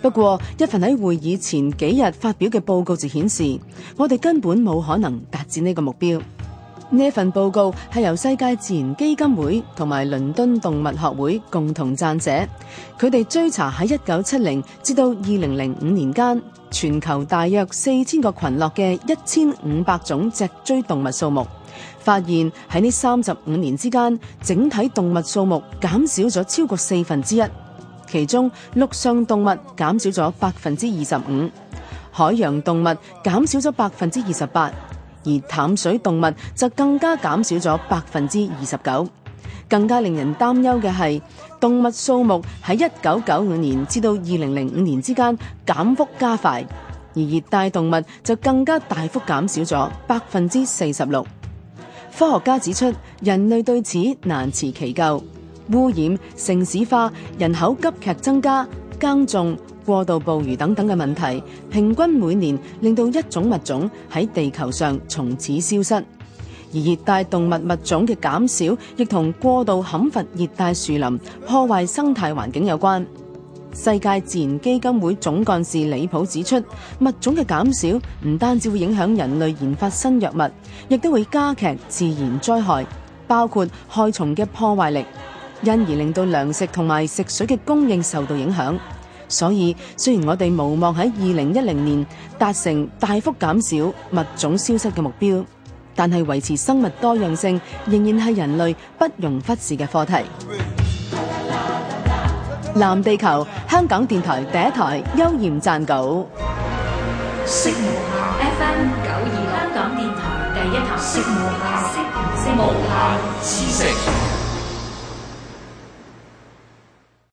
不過一份喺會議前幾日發表嘅報告就顯示，我哋根本冇可能達至呢個目標。呢份報告係由世界自然基金會同埋倫敦動物學會共同撰寫。佢哋追查喺一九七零至到二零零五年間全球大約四千個群落嘅一千五百種脊椎動物數目，發現喺呢三十五年之間，整體動物數目減少咗超過四分之一。其中，陸上動物減少咗百分之二十五，海洋動物減少咗百分之二十八，而淡水動物就更加減少咗百分之二十九。更加令人擔憂嘅係，動物數目喺一九九五年至到二零零五年之間減幅加快，而熱帶動物就更加大幅減少咗百分之四十六。科學家指出，人類對此難辭其咎。污染、城市化、人口急劇增加、耕種、過度捕魚等等嘅問題，平均每年令到一種物種喺地球上從此消失。而熱帶動物物種嘅減少，亦同過度砍伐熱帶樹林、破壞生態環境有關。世界自然基金會總幹事李普指出，物種嘅減少唔單止會影響人類研發新藥物，亦都會加劇自然災害，包括害蟲嘅破壞力。因而令到糧食同埋食水嘅供應受到影響，所以雖然我哋無望喺二零一零年達成大幅減少物種消失嘅目標，但係維持生物多樣性仍然係人類不容忽視嘅課題。藍地球，香港電台第一台，邱焱撰稿，色無限，FM 九二六，香港電台第一台，色無限，色無限，色無限，知食。